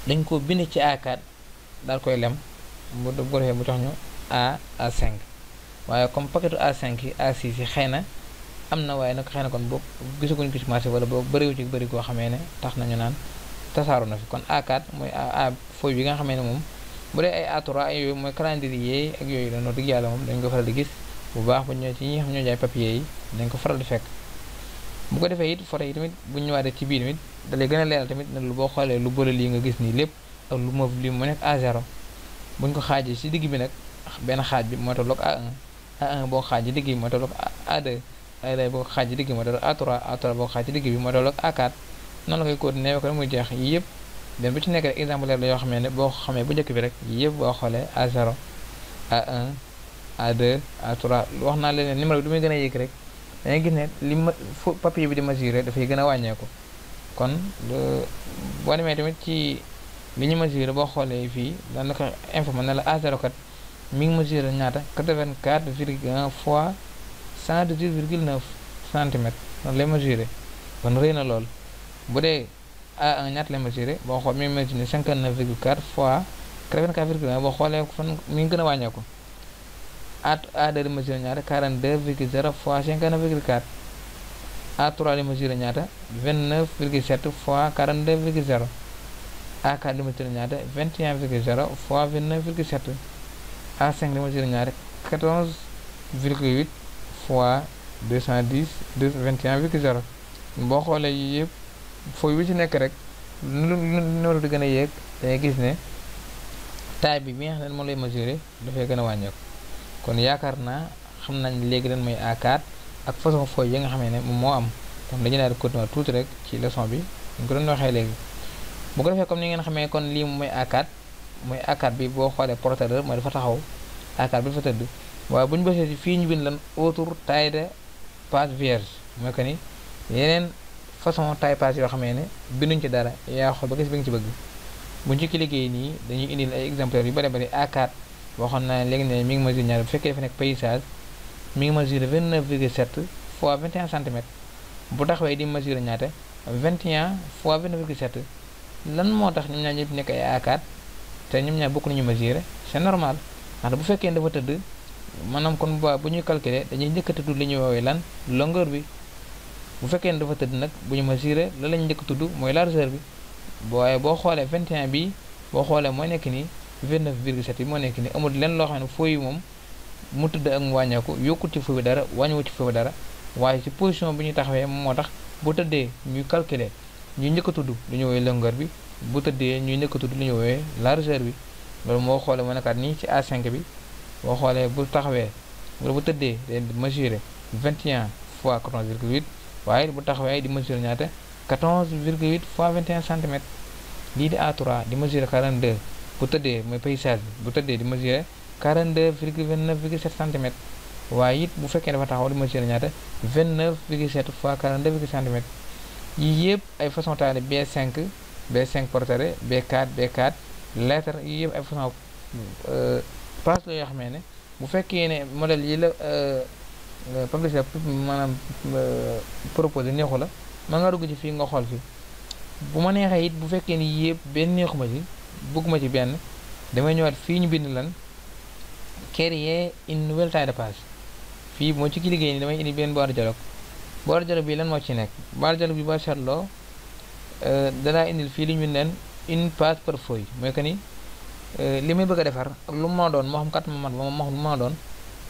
dañ ko bind ci A4 daal koy lem. mu bu ko defee mu jox ñu A A5 waaye comme paquetu A5 yi A6 yi xëy na am na waaye nag xëy na kon boobu gisaguñ ko ci marché wala boobu bëriwu ci bëri koo xamee ne tax nañu naan tasaaru na fi kon A4 mooy A fooy bi nga xamee ne moom bu dee ay A3 ay yooyu mooy calendrier ak yooyu la noonu dëgg yàlla moom dañ ko faral di gis bu baax bu ñëwee ci ñi nga xam ñoo jaay papier yi dañ ko faral di fekk bu ko defee it photo yi tamit bu ñu ñëwaatee ci biir tamit dalay gën a tamit boo xoolee lu bëri lii nga gis nii lépp li mu buñ ko xaajee ci digg bi nag ah, benn xaaj bi moo tolloog A1 A1 boo xaaj ci digg bi moo tolloog A2 A2 boo xaaj ci digg bi moo tolloog A3 A3 boo xaaj ci bi moo tolloog A4 noonu la koy continuer ko muy jeex yëpp benn bu ci nekk rek exemple la yoo xamee ne boo xamee bu njëkk bi rek yëpp boo xoolee A0 A1 A2 A3 wax naa leen ne numéro bi du muy gën a yéeg rek dangay gis ne li ma fu papier bi di mesurer dafay gën a wàññeeku kon boo demee tamit ci li ñu mesuré boo xoolee fii daanaka informe na la A0 kat mi ngi mesuré ñaata 84 virgule 1 fois 118 virgule 9 centimètres noonu lay mesuré kon rëy na lool bu dee A1 ñaata lay mesuré boo xool mi ngi mesuré 59 virgule 4 fois 84 virgule 1 boo xoolee fan mi ngi gën a wàññeeku A A2 di mesuré ñaata 42 virgule 0 fois 59 virgule 4 A3 di mesuré ñaata 29 virgule 7 fois 42 virgule 0 A4 li ma jëriñ ñaata 21 virgule 0 fois 29 virgule 7 A5 li ma jëriñ ñaata 14 virgule 8 fois 210 2 21 virgule 0 boo xoolee yii yëpp fooy wi ci nekk rek lu numéro di gën a yéeg dangay gis ne taille bi bi nga xam ne moom lay mesurer dafay gën a wàññeeku kon yaakaar naa xam nañ léegi lan mooy A4 ak façon fooy yi nga xam ne moom moo am kon dañu naan continuer tuuti rek ci leçon bi ñu ko doon waxee léegi. bu ko defee comme ni ngeen xamee kon lii mooy A4 mooy A4 bi boo xoolee porteur mooy dafa taxaw A4 bi dafa tëdd waaye bu ñu bësee fii ñu bind lan autour taille de page vierge mooy que ni yeneen façon taille page yoo xamee ne binduñ ci dara yaa xool ba gis bi nga ci bëgg buñ ci liggéey nii dañuy indil ay exemplaires yu bare bari A4 waxoon naa léegi ne mi ngi mesure ñaar bu fekkee dafa nekk paysage mi ngi mesure 29 virgule 7 fois 21 centimètres bu taxawee di mesure ñaata 21 fois 29 virgule 7 lan moo tax ñoom ñaar ñëpp nekk ay a te ñoom ñaar bokk nañu ma mesuré c'est normal ndax bu fekkee dafa tëdd maanaam kon bu bu ñuy calculer dañuy njëkk a tudd li ñuy woowee lan longueur bi bu fekkee ne dafa tëdd nag bu ñu mesuré la lañ njëkk tudd mooy largeur bi boo waaye boo xoolee 21 bi boo xoolee moo nekk nii 29 virgule 7 bi moo nekk nii amul leen loo xam ne fooy moom mu tëdd ak mu wàññeeku yokkut ci fooy bi dara wàññiwut ci fooy bi dara waaye ci position bi ñu taxawee moo tax boo tëddee ñuy calculer. ñu njëkk a tudd lu ñu woowee bi bu tëddee ñuy njëkk a tudd lu ñu woowee largeur bi loolu moo xoolee ma nekkaat nii ci a cinq bi boo xoolee bu taxawee wala bu tëddee day mesurer 21 fois 14 virgule 8 waaye bu taxawee di mesurer ñaata 14 virgule 8 fois 21 centimètres lii di A3 di mesurer 42 bu tëddee mooy paysage bi bu tëddee di mesurer 42 virgule 29 virgule 7 centimètres waaye it bu fekkee dafa taxaw di mesurer ñaata 29 virgule 7 fois 42 virgule yii yëpp ay façon taal b cinq B5 portrait B4 B4 lettre yii yëpp ay façon euh, passe la yoo xamee ne bu fekkee ne modèle yi la euh, euh, publicité maanaam proposé neexu la ma nga dugg ci fii nga xool fi bu ma neexee it bu fekkee ni yëpp benn neexu ma ci bëgg ci benn damay ñëwaat fii ñu bind lan créer une nouvelle taille de page fii moo ci ki liggéey ni damay indi benn boîte dialogue boor jarab bi lan moo ci nekk boor jarab bi macha allah euh, danaa indil fii li ñu neen une page par feuille mooy que ni euh, li muy bëgg a defar lu ma doon moo xam kat ma mat ma ma lu ma doon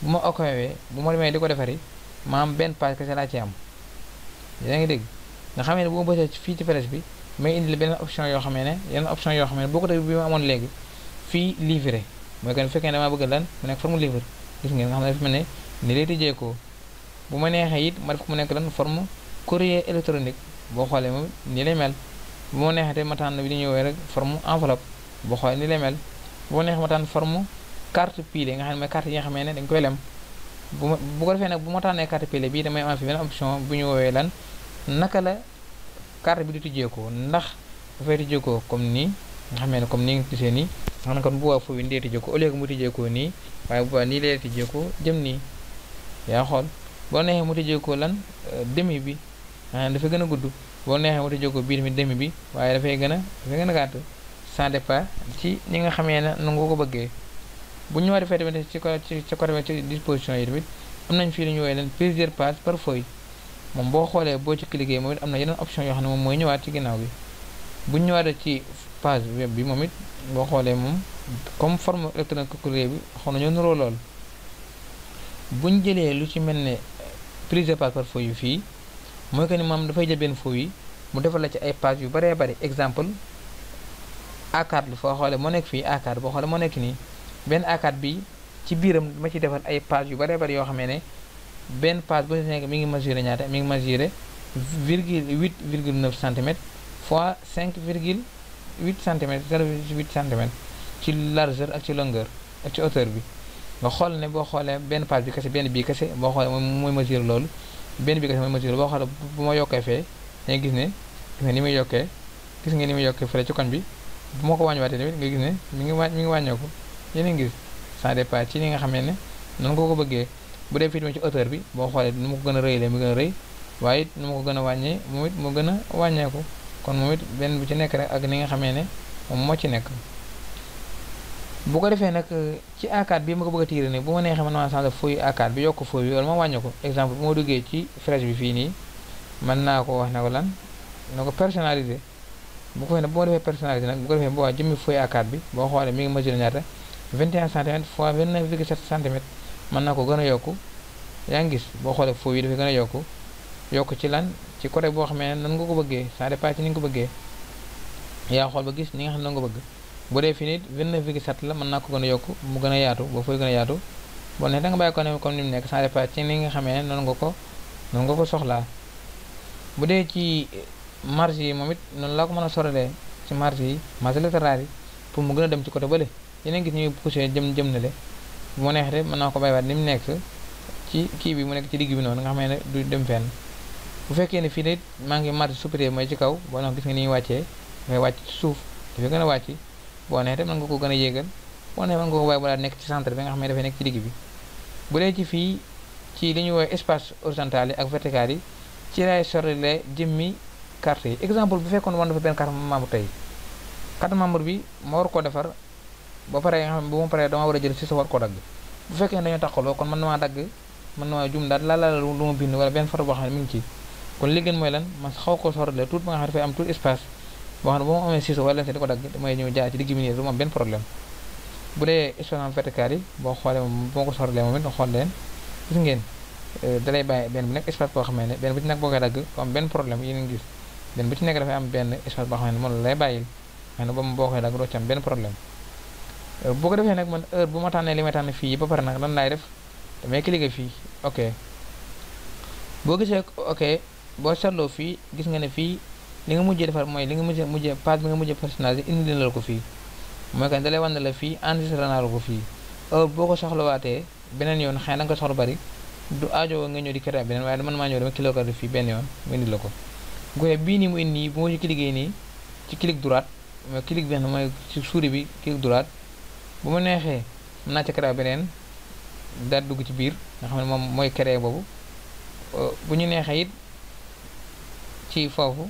bu ma occupé bu ma demee di ko defari ma am benn page kese laa ci am yaa ngi dégg nga xam ne bu ma bësee fii ci presse bi may indil beneen option yoo xam ne yeneen option yoo xam ne boo ko defee bi ma amoon léegi fii livré mooy que ni bu fekkee ne damaa bëgg lan mu nekk forme livre gis ngeen nga xam ne dafa mel ne ni lay tijjee ko bu ma neexee it ma def ko mu nekk lan forme courrier électronique boo xoolee moom ni lay mel bu ma neexee te ma tànn bi di ñëwee rek forme enveloppe boo xoolee ni lay mel bu ma neexee ma tànn forme carte pile nga xam ne mooy carte yi nga xamee ne dañ koy lem bu ma bu ko defee nag bu ma tànnee carte pile bii damay am fi benn option bu ñu woowee lan naka la carte bi di tijjeekoo ndax dafay tijjeekoo comme nii nga xamee ne comme nii nga gisee nii xam ne kon bu waa foofu nii dee tijjeekoo au lieu que mu tijjeekoo nii waaye bu waa nii lay tijjeekoo jëm nii yaa xool boo neexee mu tëjee ko lan euh, demi bi maanaam dafa gën a gudd boo neexee mu tëjee ko biir mi demi bi waaye dafay gën a dafay gën a gàtt ça ci ni nga xamee ne nu nga ko bëggee bu ñu war a defee tamit ci ci ci côté ci disposition yi tamit am nañ fii lu ñu woowee leen plusieurs pages par feuille moom boo xoolee boo ci cliquer moom it am na yeneen option yoo xam ne moom mooy ñëwaat ci ginnaaw bi bu ñu ñëwaatee ci page web bi moom it boo xoolee moom comme forme électronique courrier bi xaw nañoo nuroo lool buñ jëlee lu ci mel ne frisé par par feuille yu fii mooy que ni moom dafay jël benn feuille yi mu defal la ci ay page yu baree bari exemple a lu foo xoolee moo nekk fii A4 boo xoolee moo nekk nii benn a bi ci biiram ma ci defal ay page yu baree bari yoo xamee ne benn page bu nekk mi ngi mesuré ñaata mi ngi mesuré virgule 8 virgule 9 centimètre fois 5 virgule 8 centimètres 0,8 centimètres ci largeur ak ci longueur ak ci hauteur bi nga xool ne boo xoolee benn paas bi kese benn bii kese boo xoolee mooy mesure loolu benn bii kese mooy mesure boo xoolee bu ma yokkee fee nga gis ne gis nga ni muy yokkee gis nga ni muy yokkee fële ci koñ bi bu ma ko wàññiwaatee tamit nga gis mi ngi wàñ mi ngi wàññeeku a ngi gis ça dépend ci ni nga xam ne ne noonu ko bëggee bu dee fii ci hauteur bi boo xoolee nu ma ko gën a mu gën a rëy waaye it nu ko gën a wàññee moom it gën a wàññeeku kon moom it benn bu ci nekk rek ak ni nga xamee ne moom moo ci nekk bu ko defee nag euh, ci a bi ma ko bëgg a tiire nii bu ma neexee man maa a bi yokk feuille bi wala ma wàññi ko exemple bu ma duggee ci bi fii nii mën naa ko wax ne ko lan na ko personnaliser bu ko defee nag bu ma defee personnaliser nag bu ko defee boo wax jëmmi feuille A4 bi boo xoolee mi ngi mesure ñaata 21 centimètres fois 29 virgule 7 centimètres mën naa ko gën a yokku yaa ngi gis boo xoolee feuille bi dafa gën a yokku yokk ci lan ci côté boo xamee nan nga ko bëggee sa dépend ni nga ko bëggee yaa xool ba gis ni nga xam ne nga bëgg bu dee fii nit 29,7 la mën naa ko gën a yokk mu gën a yaatu ba fooy gën a yaatu boo ne nga bàyyi ko ne comme ni mu nekk sans départ ci ni nga xamee noonu nga ko noonu nga ko soxlaa bu dee ci marge yi moom it noonu laa ko mën a soralee ci marge yi marge latérale yi pour mu gën a dem ci côté bële yeneen gis ñuy poussé jëm jëm na le bu ma neexee mën naa ko bàyyiwaat ni mu nekk ci kii bi mu nekk ci digg bi noonu nga xam ne du dem fenn bu fekkee ne fii nit maa ngi mars supérieur mooy ci kaw boo nag gis nga ni ñuy wàccee ngay wàcc ci suuf gën a wàcc boo neexee mën nga ko gën a yéegal boo neexee mën nga ko bàyyi balaa nekk ci centre bi nga xam ne dafay nekk ci digg bi bu dee ci fii ci li ñuy woowee espace horizontal yi ak vertical yi ci laay sorile jëmmi carte yi exemple bu fekkoon woon dafa benn carte membre tey carte membre bi ma war koo defar ba pare nga xam ne dama war a jël si sa war koo dagg bu fekkee ne dañoo taxaloo kon mën na maa dagg mën na maa jum daal la la lu ma bind wala benn boo xam mi ngi ci kon li gën mooy lan man xaw koo sorile boo xam ne bu ma amee ciseau wala lente di ko dagg damay ñëw jaar ci digg bi du ma benn problème bu dee échelon vertical yi boo xoolee moom boo ko soralee moom it nga xool euh, benn bu nekk espace boo ne benn bu boo ko am benn problème yéen a ngi nekk dafay am benn espace boo xam ne moom lay boo koy dagg doo ci boo euh, ko defee nag man heure bu ma tànnee li may tànn fii ba pare nag lan laay def damay cliquer fii ok boo gisee ok boo seetloo fii gis nga ne fii li nga mujjee defar mooy li nga mujjee mujjee page bi nga mujjee personnalisé indi la ko fii mooy que dalay na la fii enregistré naa la ko fii heure boo ko soxlawaatee beneen yoon xëy na nga soxla bari du aajo nga ñëw di créé beneen waaye man maa ñëw kilo ko fii benn yoon mu la ko. bu bii nii mu nii bu ma ci nii ci clic droite mooy clic benn mooy ci souris bi clic droite bu ma neexee mën naa beneen daal dugg ci biir nga xam ne moom mooy créé boobu bu ñu neexee it ci foofu.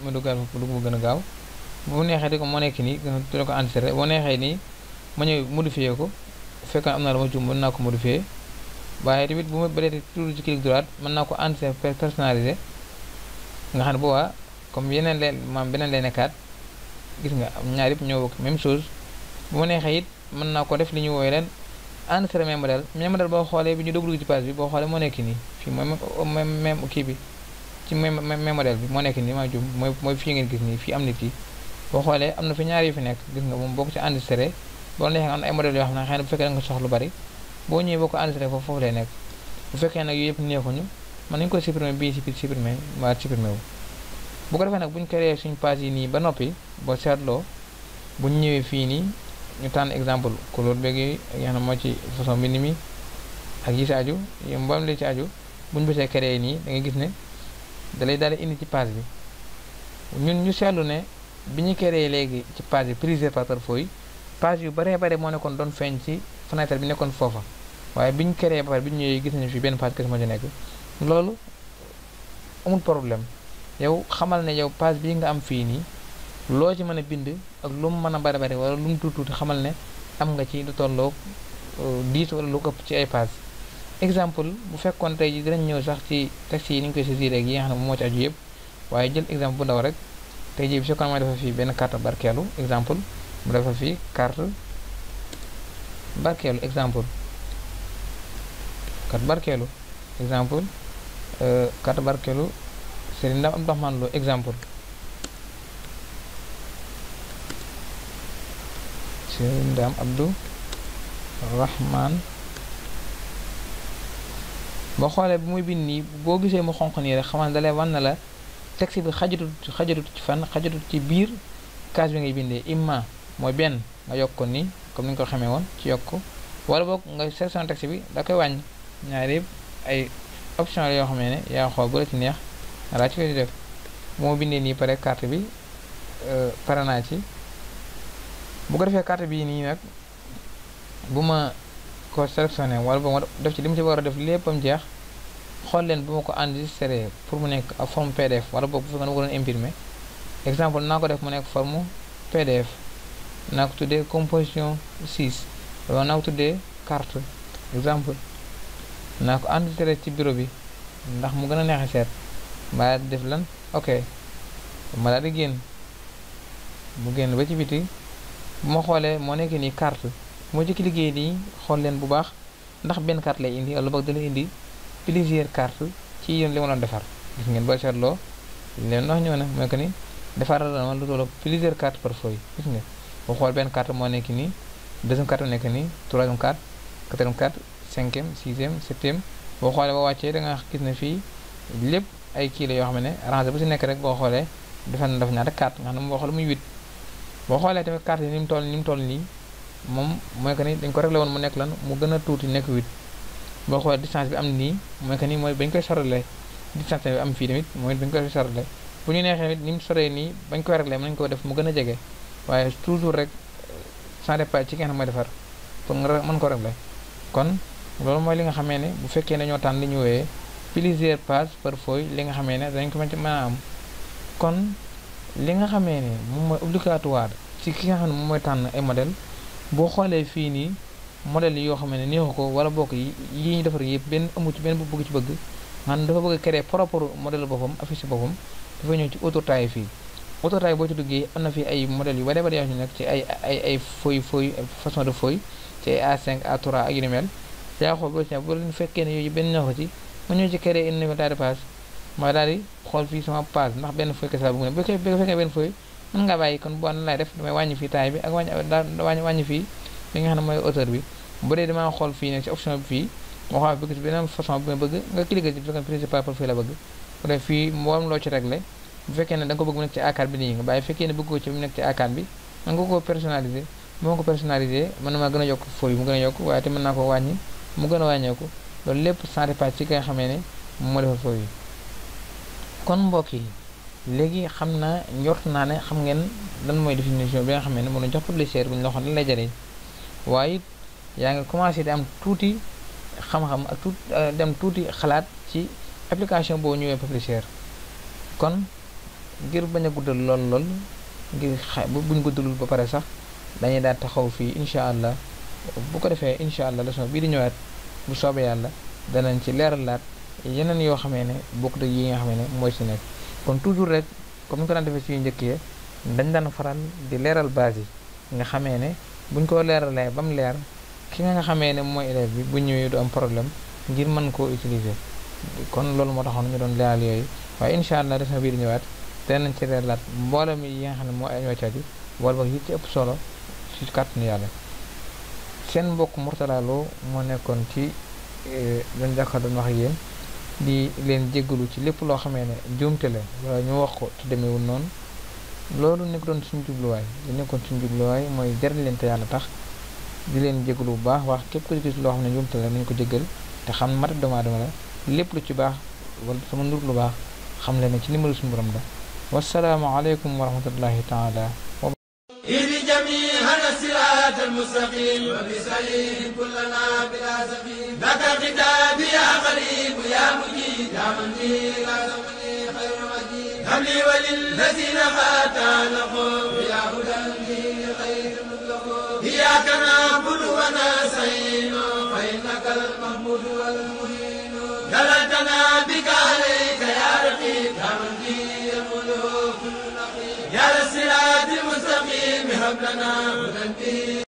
ma dugal ko dugg bu gën a gaaw bu neexee di ko moo nekk nii dina ko entré boo neexee nii ma ñëw modifié ko fekk am na la ma jum mën naa ko modifié waaye tamit bu ma bëreetee toujours ci clic droit mën naa ko entré personnalisé nga xam ne boobaa comme yeneen leen maam beneen leen nekkaat gis nga ñaar yëpp ñoo bokk même chose bu ma neexee it mën naa ko def li ñu wooye leen entré même modèle même modèle boo xoolee bi ñu dugg ci page bi boo xoolee moo nekk nii fii mooy même kii bi ci même même modèle bi moo nekk nii ma jum mooy mooy fii ngeen gis nii fii am nit ki boo xoolee am na fi ñaari yu fi nekk gis nga moom boo ko ci enregistré boo neexee nga am na ay modèles yoo xam ne xëy boo ñëwee ko enregistré foofu foofu lay nekk bu fekkee nag yooyu yëpp neexuñu mën nañu ko supprimer bii ci supprimer waa supprimer wu bu ko defee nag bu ñu créé suñu page yi nii ba noppi boo seetloo bu ñu ñëwee fii nii ñu tànn exemple couleur beeg yi nga xam ne moo ci façon mi ak yi ci aju yi mboolem ci aju bu ñu bësee créé nii da nga gis ne dalay daal di indi ci page bi ñun ñu seetlu ne bi ñu créé léegi ci page bi prisé par portefeuille page yu baree bare moo nekkoon doon feeñ ci fenêtre bi nekkoon foofa waaye bi ñu créé ba pare bi ñu ñëwee gis nañu fii benn page kese moo ci nekk loolu amul problème yow xamal ne yow page bii nga am fii nii loo ci mën a bind ak lu mën a bari bari wala lu mu tuuti tuuti xamal ne am nga ci lu tolloo 10 euh, wala lu ëpp ci ay page exemple bu fekkoon tey ji dinañ ñëw sax ci taxi yi ni ñu koy saisir ak yi nga xam ne moom moo ci aju yëpp waaye jël exemple bu ndaw rek tey ji bu fekkoon may dafa fii benn carte barkeelu exemple mu dafa fii carte barkeelu exemple carte barkeelu exemple euh, carte barkeelu Serigne Ndam Abdourahmane Lo exemple Serigne Ndam Abdou boo xoolee bu muy bind nii boo gisee mu xonq nii rek xamal ne dalee wan na la texte bi xajatut xajatut ci fan xajatut ci biir case bi ngay bindee imma mooy benn nga yokk ko nii comme ni nga ko xamee woon ci yokk wala boog nga sélection texte bi da koy wàññi ñaari yëpp ay option yoo xamee ne yaa xool bu la ci neex laa ci ko di def moo bindee nii pare carte bi euh, pare naa ci bu ko defee carte bii nii nag bu ma ko sélectionné wala boo ma def ci li mu ci war a def léppam jeex xool leen bu ma ko enregistré pour mu nekk forme pdf wala boobu bu fekkee ma ko doon exemple naa ko def mu nekk forme pdf naa ko tuddee composition 6 wala naa ko tuddee carte exemple naa ko enregistré ci bureau bi ndax mu gën a neexe seet ma def lan ok ma daal di génn mu génn ba ci biti bu ma xoolee moo nekk nii carte moo jëkki liggéey nii xool leen bu baax ndax benn carte lay indi wala boog dana indi plusieurs carte ci yéen li ma doon defar gis ngeen boo seetloo leen wax ñëw na mooy que ni defaral na ma lu toll plusieurs carte par feuille gis moo nekk nii deuxième carte moo nekk nii troisième carte quatrième carte cinquième boo xoolee boo wàccee da nga gis ne fii lépp ay kii la yoo xam ne rangé bu si nekk rek boo xoolee defal na dafa ñaata carte nga xam ne boo xoolee muy huit boo xoolee tamit carte yi ni mu mu toll nii moom mooy dañ ko réglé woon mu nekk lan mu gën a tuuti nekk 8 boo xoolee distance bi am nii mooy ni mooy bañ koy sorale distance bi am fii tamit mooy bañ koy sorale bu ñu neexee ni mu soree nii bañ koy réglé mën nañ def mu gën a jege waaye toujours rek sans départ ci kenn mooy defar pour nga mën ko réglé kon loolu mooy li nga xamee ne bu fekkee ñoo tànn li ñu wooyee plusieurs passes par feuille li nga xamee ne dañ ko ci mën a am kon li nga xamee ne moom mooy obligatoire ci ki nga xam ne moom mooy tànn ay modèle boo xoolee fii nii modèle yoo xam ne neexu ko wala bokk yi yi ñu defar yëpp benn amu ci benn bu bëgg ci bëgg maanaam dafa bëgg a créer propre modèle boppam affiche boppam dafa ñëw ci autotaille fii autotaille boo ci duggee am na fi ay modèles yu bare bare yoo xam ne ay ay ay feuille de feuille ci ay A5 A3 ak xool boo ci bu leen fekkee ne yooyu benn neexu ci ma ñëw ci créer une nouvelle de page ma xool fii sama page ndax benn feuille kese laa bëgg ne bu fekkee benn feuille mën ngaa bàyyi kon bu an lay def damay wàññi fii taay bi ak wàññi wàññi fii li nga xam ne mooy hauteur bi bu dee damaa xool fii nag ci option bi fii moo xam bëgg ci beneen bëgg nga cliquer ci fekk principal profil la bëgg bu dee fii moom loo ci réglé bu fekkee ne da nga ko bëgg mu nekk ci A4 bi nii nga bàyyi fekkee ne bëgg ko ci mu nekk ci A4 bi mën nga ko personnaliser bu ma ko personnaliser mën na maa gën a yokk fooy mu gën a yokk waaye te mën naa ko wàññi mu gën a wàññeeku loolu lépp sans dépendre ci ki xam xamee ne moo defar fooy kon mbokk yi léegi xam naa njort naa ne xam ngeen lan mooy définition bi nga xam ne mën a jox publicitaire bu ñu la waxoon lan lay jëriñ waaye yaa ngi commencé di am tuuti xam-xam ak tuuti euh, dem tuuti xalaat ci application boo ñëwee publicitaire kon ngir bañ a guddal lool lool ngir xa buñ guddalul ba pare sax dañuy daal taxaw fii incha allah bu ko defee incha allah leçon bii di ñëwaat bu soobee yàlla danañ ci leeral laat yeneen yoo xamee ne bokk da yi nga xamee ne mooy ci nekk kon toujours rek comme ni ko daan defee suñu njëkk yee dañ daan faral di leeral base yi nga xamee ne buñ ko leeral ba mu leer ki nga xamee ne mooy élève bi bu ñëwee du am problème ngir mën koo utiliser kon loolu moo taxoon ñu doon leeral yooyu waaye incha allah des na biir ñëwaat nañ ci leer leeralaat mboolem yi nga xam ne moo ay ñoo caaju wala boog yi ci ëpp solo ci kàttanu yàlla seen mbokk Mourtala moo nekkoon ci dañ eh, jàkkaarloo doon wax ak di leen jéggalu ci lépp loo xamee ne juumte la wala ñu wax ko te demeewul noonu loolu nekk doon suñu jubluwaay li nekkoon suñu jubluwaay mooy jariñ leen te yàlla tax di leen jéggalu bu baax wax képp ku gis loo xam ne juumte la nañu ko jéggal te xam mata doomu aadama la lépp lu ci baax wala sama nur lu baax xam leen ne ci ndimalu suñu borom la wasalaamu aleykum wa rahmatullahi إذ جميعنا الصراط المستقيم وبسعيد كلنا بلا سقيم لك الكتاب يا غريب يا مجيد يا من لي لا تغني خير مجيد هب لي وللذين فاتانهم يا هدى لي خير مطلقون إياك نعبد ونستعين فإنك المحمود والمهين دلتنا بك لنا